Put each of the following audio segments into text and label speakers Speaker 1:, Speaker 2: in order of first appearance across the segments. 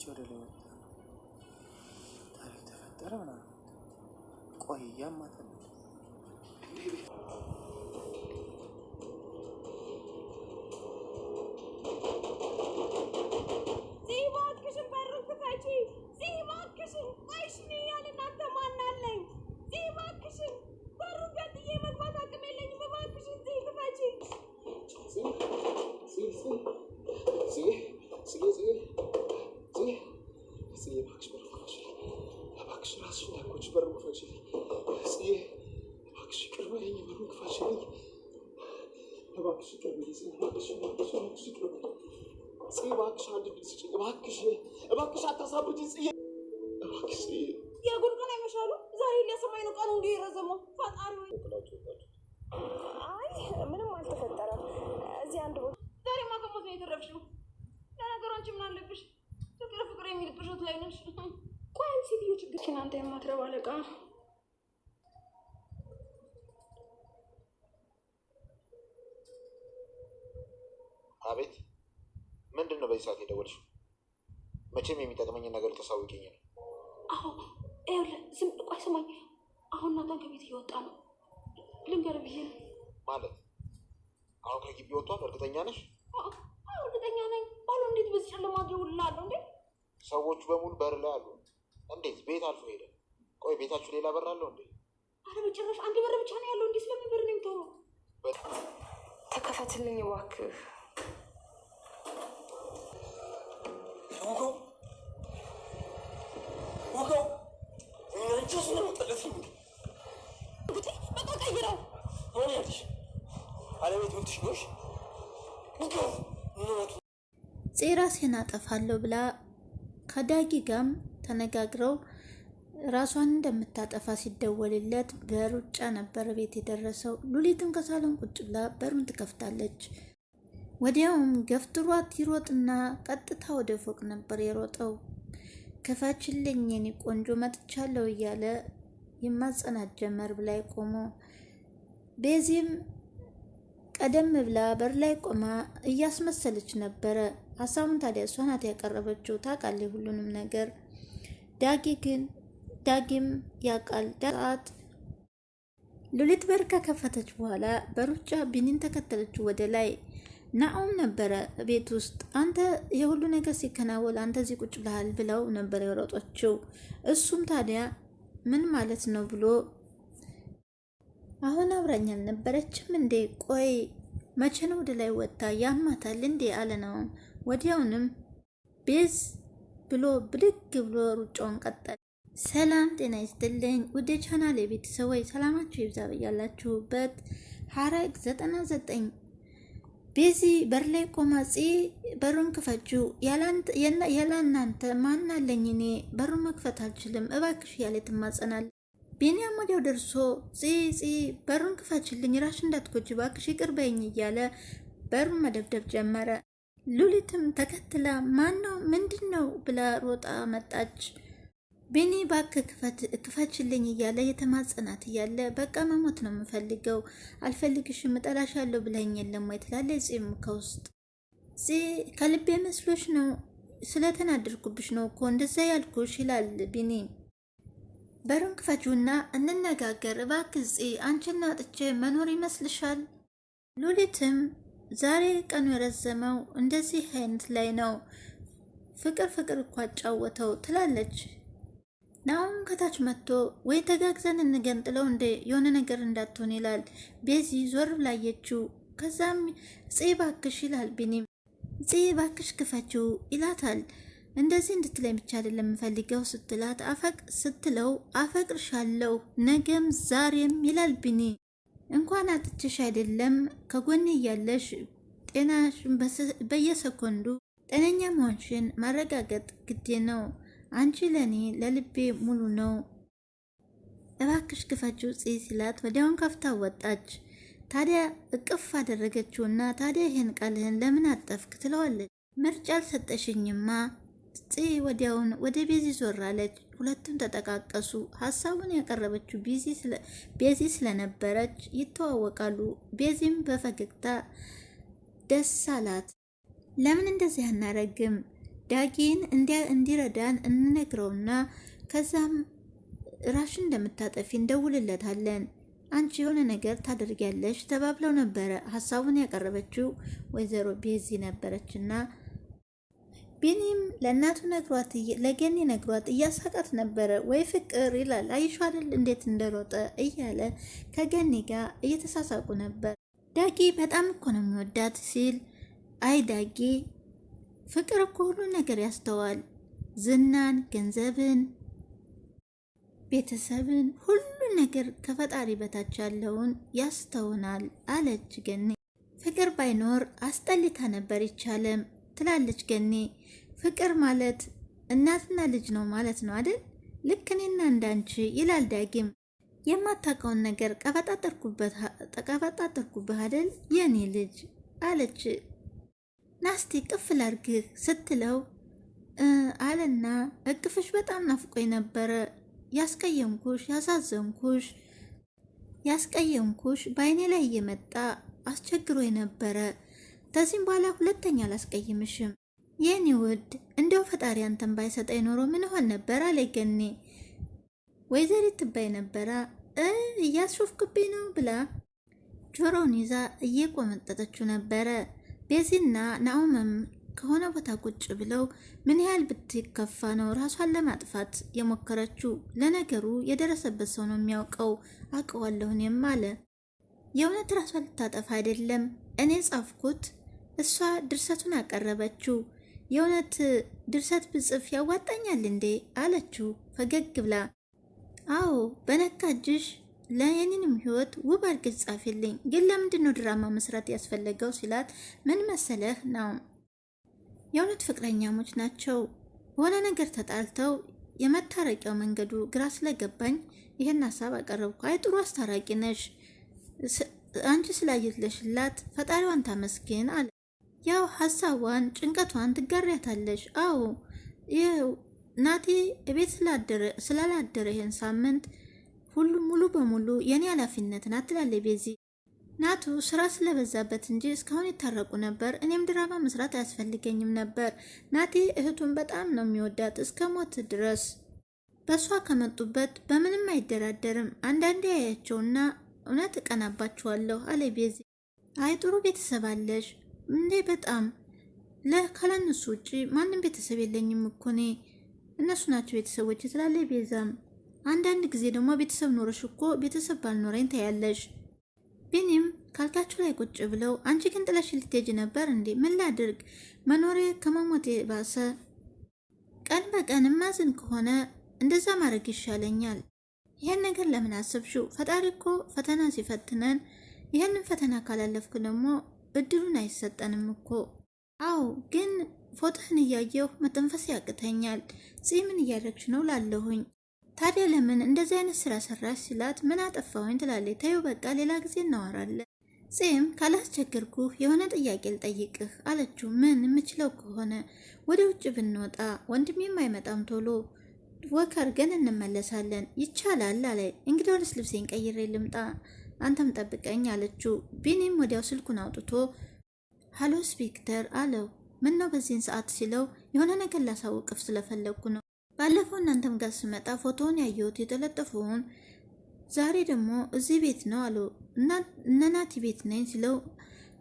Speaker 1: እያለች ወደ ላይ ወጣ። ታሪክ ተፈጠረ ምናምን ቆይ እያማተነ
Speaker 2: እየተረብሽ ነው። ለነገሩ አንቺ ምን አለብሽ? ፍቅር ፍቅር የሚል ብሾት ላይ ነሽ። ቆይ ሴትዮ
Speaker 3: ችግር እናንተ የማትረባ አለቃ
Speaker 4: አቤት ምንድን ነው በዚህ ሰዓት የደወልሽው? መቼም የሚጠቅመኝን ነገር ልታሳውቂኝ ነው።
Speaker 2: አዎ ይኸውልህ፣ ዝም ቆይ ስማኝ። አሁን እናቷን ከቤት እየወጣ ነው ልንገርህ ብዬ ነው።
Speaker 4: ማለት አሁን ከግቢ ወጥቷል? እርግጠኛ ነሽ?
Speaker 2: እርግጠኛ ነኝ። ባሉ እንዴት በዚህ ጨለማ እደውልልሃለሁ። እንዴ
Speaker 4: ሰዎቹ በሙሉ በር ላይ አሉ። እንዴት ቤት አልፎ ሄደ? ቆይ ቤታችሁ ሌላ በር አለው እንዴ?
Speaker 2: አረ በጭራሽ አንድ በር ብቻ ነው ያለው። እንዴ ስለምን በር ነው የምትሆነው?
Speaker 3: ተከፈትልኝ እባክህ።
Speaker 5: ራሴን አጠፋለሁ ብላ ከዳጊ ጋም ተነጋግረው ራሷን እንደምታጠፋ ሲደወልለት በሩጫ ነበር ቤት የደረሰው። ሉሊትም ከሳሎን ቁጭ ብላ በሩን ትከፍታለች። ወዲያውም ገፍትሯት ይሮጥና ቀጥታ ወደ ፎቅ ነበር የሮጠው። ክፈችልኝ የኔ ቆንጆ መጥቻለሁ እያለ ይማጸናት ጀመር ብላይ ቆሞ ቤዚም ቀደም ብላ በር ላይ ቆማ እያስመሰለች ነበረ። ሀሳቡን ታዲያ እሷ ናት ያቀረበችው። ታውቃለች ሁሉንም ነገር። ዳጊ ግን ዳጊም ያውቃል። ሰዓት ሉሊት በር ከከፈተች በኋላ በሩጫ ቢኒን ተከተለችው ወደ ላይ። ናኦም ነበረ ቤት ውስጥ። አንተ የሁሉ ነገር ሲከናወል አንተ እዚህ ቁጭ ብለሃል ብለው ነበር የሮጠችው። እሱም ታዲያ ምን ማለት ነው ብሎ አሁን አብራኝ አልነበረችም እንዴ? ቆይ መቼ ነው ወደ ላይ ወጥታ ያማታል እንዴ አለ ናሆም። ወዲያውንም ቤዝ ብሎ ብድግ ብሎ ሩጫውን ቀጠለ። ሰላም ጤና ይስጥልኝ ውድ ቻናል የቤተሰቦች ሰላማችሁ ይብዛ በያላችሁበት። ሐረግ 99 ቤዚ በር ላይ ቆማ ጽ በሩን ክፈቹ፣ ያላናንተ እናንተ ማን እኔ በሩን መክፈት አልችልም እባክሽ ያለ ትማጸናል ቢኒያም ወዲያው ደርሶ ፅ ፅ በሩን ክፈችልኝ፣ ራሽ እንዳትጎጂ ባክሽ፣ ይቅር በይኝ እያለ በሩን መደብደብ ጀመረ። ሉሊትም ተከትላ ማን ነው ምንድን ነው ብላ ሮጣ መጣች። ቢኒ ባክ ክፈችልኝ እያለ የተማጸናት እያለ በቃ መሞት ነው የምፈልገው፣ አልፈልግሽም፣ እጠላሻለሁ ብለኸኝ የለም ወይ ትላለች። ፂም ከውስጥ ፂ ከልቤ መስሎሽ ነው ስለተናደድኩብሽ ነው እኮ እንደዛ ያልኩሽ ይላል ቢኒ በሩን ክፈቹና እንነጋገር እባክህ ፂ አንቺና ጥቼ መኖር ይመስልሻል? ሉሊትም ዛሬ ቀኑ የረዘመው እንደዚህ አይነት ላይ ነው፣ ፍቅር ፍቅር እኮ አጫወተው ትላለች። ናሁም ከታች መጥቶ ወይ ተጋግዘን እንገንጥለው እንደ የሆነ ነገር እንዳትሆን ይላል። ቤዚ ዞር ብላየችው። ከዛም ጽ ባክሽ ይላል ቢኒም ፂ ባክሽ ክፈችው ይላታል። እንደዚህ እንድትለኝ ብቻ አይደለም የምፈልገው ስትላት ስትለው አፈቅርሻለሁ ነገም ዛሬም ይላል ቢኒ። እንኳን አጥችሽ አይደለም ከጎኔ እያለሽ ጤናሽን በየሰኮንዱ ጤነኛ መሆንሽን ማረጋገጥ ግዴ ነው። አንቺ ለእኔ ለልቤ ሙሉ ነው። እባክሽ ክፈችው ጽ ሲላት ወዲያውን ከፍታ ወጣች። ታዲያ እቅፍ አደረገችውና ታዲያ ይህን ቃልህን ለምን አጠፍክ ትለዋለች። ምርጫ አልሰጠሽኝማ ጽዬ ወዲያውን ወደ ቤዚ ዞር አለች። ሁለቱም ተጠቃቀሱ። ሀሳቡን ያቀረበችው ቤዚ ስለነበረች ይተዋወቃሉ። ቤዚም በፈገግታ ደስ አላት። ለምን እንደዚህ አናረግም? ዳጊን እንዲረዳን እንነግረውና ከዛም ራሽን እንደምታጠፊ እንደውልለታለን አንቺ የሆነ ነገር ታደርጊያለሽ ተባብለው ነበረ። ሀሳቡን ያቀረበችው ወይዘሮ ቤዚ ነበረችና ቢኒም ለእናቱ ነግሯት ለገኒ ነግሯት እያሳቃት ነበረ። ወይ ፍቅር ይላል አይሹ አይደል እንዴት እንደሮጠ እያለ ከገኒ ጋር እየተሳሳቁ ነበር። ዳጊ በጣም እኮ ነው የሚወዳት ሲል አይ ዳጊ ፍቅር እኮ ሁሉ ነገር ያስተዋል፣ ዝናን፣ ገንዘብን፣ ቤተሰብን፣ ሁሉን ነገር ከፈጣሪ በታች ያለውን ያስተውናል አለች ገኒ። ፍቅር ባይኖር አስጠልታ ነበር ይቻለም ትላለች ገኔ። ፍቅር ማለት እናትና ልጅ ነው ማለት ነው አይደል? ልክ እኔና እንዳንቺ ይላል ዳጊም። የማታውቀውን ነገር ቀበጣጠርኩብህ አደል የኔ ልጅ አለች ናስቲ ቅፍል አርግህ ስትለው አለና እቅፍሽ በጣም ናፍቆኝ ነበረ። ያስቀየምኩሽ፣ ያሳዘንኩሽ፣ ያስቀየምኩሽ በአይኔ ላይ እየመጣ አስቸግሮ ነበረ። ከዚህም በኋላ ሁለተኛ አላስቀይምሽም የኔ ውድ። እንደው ፈጣሪ አንተን ባይሰጠኝ ኖሮ ምን ሆን ነበር አለ ገኔ። ወይዘሪት ትባይ ነበራ እያሾፍክብኝ ነው ብላ ጆሮውን ይዛ እየቆመጠጠችው ነበረ። ቤዚና ናኦምም ከሆነ ቦታ ቁጭ ብለው ምን ያህል ብትከፋ ነው ራሷን ለማጥፋት የሞከረችው? ለነገሩ የደረሰበት ሰው ነው የሚያውቀው። አውቀዋለሁ እኔም አለ የእውነት ራሷን ልታጠፋ አይደለም እኔ ጻፍኩት እሷ ድርሰቱን አቀረበችው። የእውነት ድርሰት ብጽፍ ያዋጣኛል እንዴ አለችው ፈገግ ብላ። አዎ በነካ እጅሽ ለየኔንም ህይወት ውብ አድርገሽ ጻፊልኝ። ግን ለምንድን ነው ድራማ መስራት ያስፈለገው ሲላት፣ ምን መሰለህ ነው የእውነት ፍቅረኛሞች ናቸው። በሆነ ነገር ተጣልተው የመታረቂያው መንገዱ ግራ ስለገባኝ ይህን ሀሳብ አቀረብኩ። አይ ጥሩ አስታራቂ ነሽ አንቺ ስላየትለሽላት ፈጣሪዋን ታመስግን አለ። ያው ሀሳቧን ጭንቀቷን ትጋሪያታለች። አዎ ይኸው ናቲ ቤት ስላላደረ ይህን ሳምንት ሁሉ ሙሉ በሙሉ የኔ ኃላፊነት ናት ትላለች ቤዚ። ናቱ ስራ ስለበዛበት እንጂ እስካሁን ይታረቁ ነበር። እኔም ድራማ መስራት አያስፈልገኝም ነበር። ናቴ እህቱን በጣም ነው የሚወዳት እስከ ሞት ድረስ። በእሷ ከመጡበት በምንም አይደራደርም። አንዳንዴ ያያቸውና እውነት እቀናባቸዋለሁ አለ ቤዚ። አይ ጥሩ ቤተሰብ አለሽ እንዴ በጣም ለካላንሱ ውጭ ማንም ቤተሰብ የለኝም እኮ እኔ እነሱ ናቸው ቤተሰቦች ትላለ ቤዛም። አንዳንድ ጊዜ ደግሞ ቤተሰብ ኖረሽ እኮ ቤተሰብ ባልኖረኝ ታያለሽ። ቢኒም ካልካችሁ ላይ ቁጭ ብለው አንቺ ግን ጥለሽ ልትሄጂ ነበር እንዴ? ምን ላድርግ መኖሬ ከመሞቴ ባሰ። ቀን በቀን ማዝን ከሆነ እንደዛ ማድረግ ይሻለኛል። ይህን ነገር ለምን አሰብሽው? ፈጣሪ እኮ ፈተና ሲፈትነን ይህንን ፈተና ካላለፍኩ ደግሞ እድሉን አይሰጠንም እኮ። አዎ፣ ግን ፎቶህን እያየሁ መተንፈስ ያቅተኛል። ጺምን እያለች ነው ላለሁኝ። ታዲያ ለምን እንደዚህ አይነት ስራ ሰራሽ ሲላት ምን አጠፋሁኝ ትላለች። ተይው በቃ ሌላ ጊዜ እናወራለን። ጺም ካላስቸገርኩህ የሆነ ጥያቄ ልጠይቅህ አለችው። ምን የምችለው ከሆነ ወደ ውጭ ብንወጣ ወንድሜም አይመጣም ቶሎ ወከር ግን እንመለሳለን ይቻላል አለ። እንግዲህ ወደስ ልብሴን ቀይሬ ልምጣ አንተም ጠብቀኝ አለችው። ቢኒም ወዲያው ስልኩን አውጥቶ ሀሎ ስፒክተር አለው። ምን ነው በዚህን ሰዓት ሲለው የሆነ ነገር ላሳውቅፍ ስለፈለግኩ ነው። ባለፈው እናንተም ጋር ስመጣ ፎቶውን ያየሁት የተለጠፈውን፣ ዛሬ ደግሞ እዚህ ቤት ነው አለው። እነናቲ ቤት ነኝ ሲለው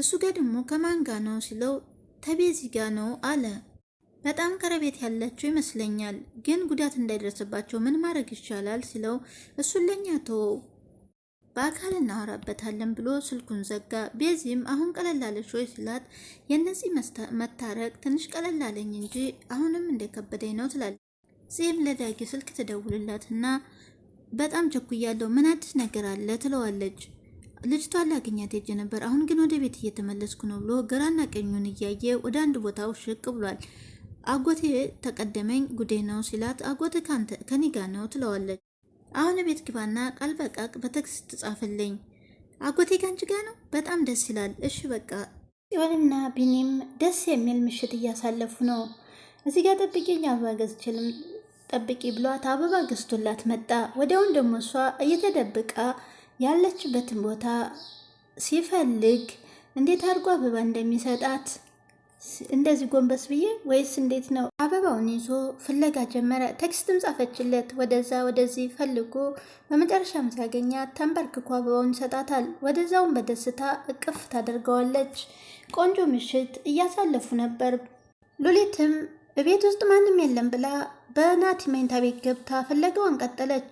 Speaker 5: እሱ ጋር ደግሞ ከማን ጋ ነው ሲለው ተቤዚ ጋ ነው አለ። በጣም ቀረቤት ያላቸው ይመስለኛል፣ ግን ጉዳት እንዳይደርስባቸው ምን ማድረግ ይቻላል ሲለው እሱን ለኛ ተወው በአካል እናወራበታለን ብሎ ስልኩን ዘጋ። ቤዚም አሁን ቀለላለች ወይ ስላት የእነዚህ መታረቅ ትንሽ ቀለላለኝ እንጂ አሁንም እንደከበደኝ ነው ትላለች። ዚህም ለዳጊ ስልክ ትደውልላትና በጣም ቸኩያለሁ፣ ምን አዲስ ነገር አለ ትለዋለች። ልጅቷን ላገኛት ሄጄ ነበር፣ አሁን ግን ወደ ቤት እየተመለስኩ ነው ብሎ ግራና ቀኙን እያየ ወደ አንድ ቦታው ሽቅ ብሏል። አጎቴ ተቀደመኝ ጉዴ ነው ሲላት፣ አጎቴ ከኔ ጋ ነው ትለዋለች። አሁን ቤት ግባና ቃል በቃቅ በተክስ ጻፍልኝ። አጎቴ ጋንች ጋ ነው። በጣም ደስ ይላል። እሺ በቃ ጽዮንና ቢኒም ደስ የሚል ምሽት እያሳለፉ ነው። እዚህ ጋር ጠብቂኝ አበባ ገዝችልም ጠብቂ ብሏት አበባ ገዝቶላት መጣ። ወዲያውን ደግሞ እሷ እየተደብቃ ያለችበትን ቦታ ሲፈልግ እንዴት አድርጎ አበባ እንደሚሰጣት እንደዚህ ጎንበስ ብዬ ወይስ እንዴት ነው? አበባውን ይዞ ፍለጋ ጀመረ። ቴክስትም ጻፈችለት ወደዛ ወደዚህ ፈልጎ በመጨረሻም ሲያገኛት ተንበርክኮ አበባውን ይሰጣታል። ወደዛውን በደስታ እቅፍ ታደርገዋለች። ቆንጆ ምሽት እያሳለፉ ነበር። ሉሊትም እቤት ውስጥ ማንም የለም ብላ በናቲ መኝታ ቤት ገብታ ፍለጋዋን ቀጠለች።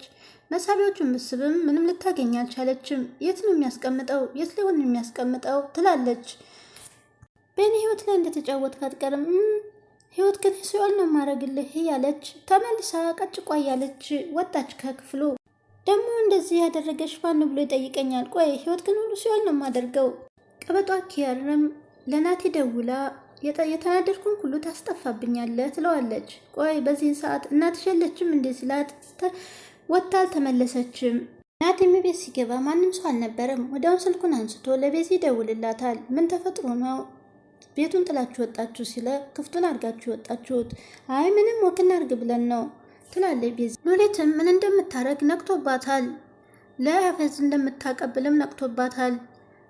Speaker 5: መሳቢያዎቹን ብስብም ምንም ልታገኝ አልቻለችም። የት ነው የሚያስቀምጠው? የት ሊሆን የሚያስቀምጠው ትላለች። በእኔ ህይወት ላይ እንደተጫወትክ አትቀርም፣ ህይወት ግን ሲኦል ነው ማድረግልህ እያለች ተመልሳ ቀጭቋ እያለች ወጣች ከክፍሉ። ደግሞ እንደዚህ ያደረገች ማን ብሎ ይጠይቀኛል? ቆይ ህይወት ግን ሁሉ ሲኦል ነው የማደርገው። ቀበጧ ኪያርም ለናቴ ደውላ የተናደድኩን ሁሉ ታስጠፋብኛለህ ትለዋለች። ቆይ በዚህን ሰዓት እናትሽ የለችም እንዴ ሲላት ወጥታ አልተመለሰችም። ናቲም ቤት ሲገባ ማንም ሰው አልነበረም። ወዲያውን ስልኩን አንስቶ ለቤዚ ይደውልላታል። ምን ተፈጥሮ ነው ቤቱን ጥላችሁ ወጣችሁ ሲለ ክፍቱን አድርጋችሁ ወጣችሁት። አይ ምንም ወክና አድርግ ብለን ነው ትላለች ቤዛ። ሉሊትም ምን እንደምታረግ ነቅቶባታል። ለአፌዝ እንደምታቀብልም ነቅቶባታል።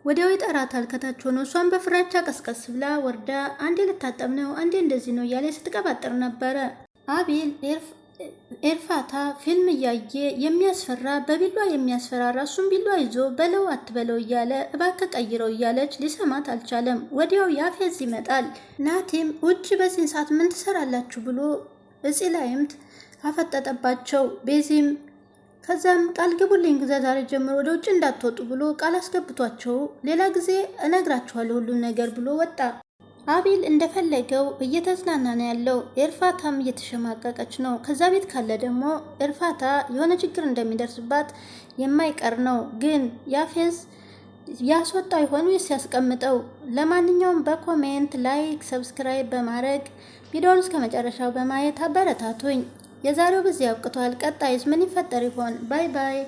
Speaker 5: ወዲያው ይጠራታል ከታች ሆኖ። እሷን በፍራቻ ቀስቀስ ብላ ወርዳ አንዴ ልታጠብ ነው አንዴ እንደዚህ ነው እያለ ስትቀባጥር ነበረ አቤል ኤርፍ ኤርፋታ ፊልም እያየ የሚያስፈራ በቢሏ የሚያስፈራራ እሱም ቢሏ ይዞ በለው አትበለው እያለ እባክ ቀይረው እያለች ሊሰማት አልቻለም። ወዲያው ያፌዝ ይመጣል። ናቴም ውጭ በዚህን ሰዓት ምን ትሰራላችሁ ብሎ እጽ ላይምት አፈጠጠባቸው። ቤዚም ከዛም ቃል ግቡልኝ ግዛ ዛሬ ጀምሮ ወደ ውጭ እንዳትወጡ ብሎ ቃል አስገብቷቸው ሌላ ጊዜ እነግራችኋለሁ ሁሉን ነገር ብሎ ወጣ። አቤል እንደፈለገው እየተዝናና ነው ያለው። ኤርፋታም እየተሸማቀቀች ነው። ከዛ ቤት ካለ ደግሞ ኤርፋታ የሆነ ችግር እንደሚደርስባት የማይቀር ነው። ግን ያፌዝ ያስወጣ ይሆን ወይስ ያስቀምጠው? ለማንኛውም በኮሜንት ላይክ፣ ሰብስክራይብ በማድረግ ቪዲዮውን እስከ መጨረሻው በማየት አበረታቱኝ። የዛሬው በዚህ አብቅቷል። ቀጣይስ ምን ይፈጠር ይሆን? ባይ ባይ።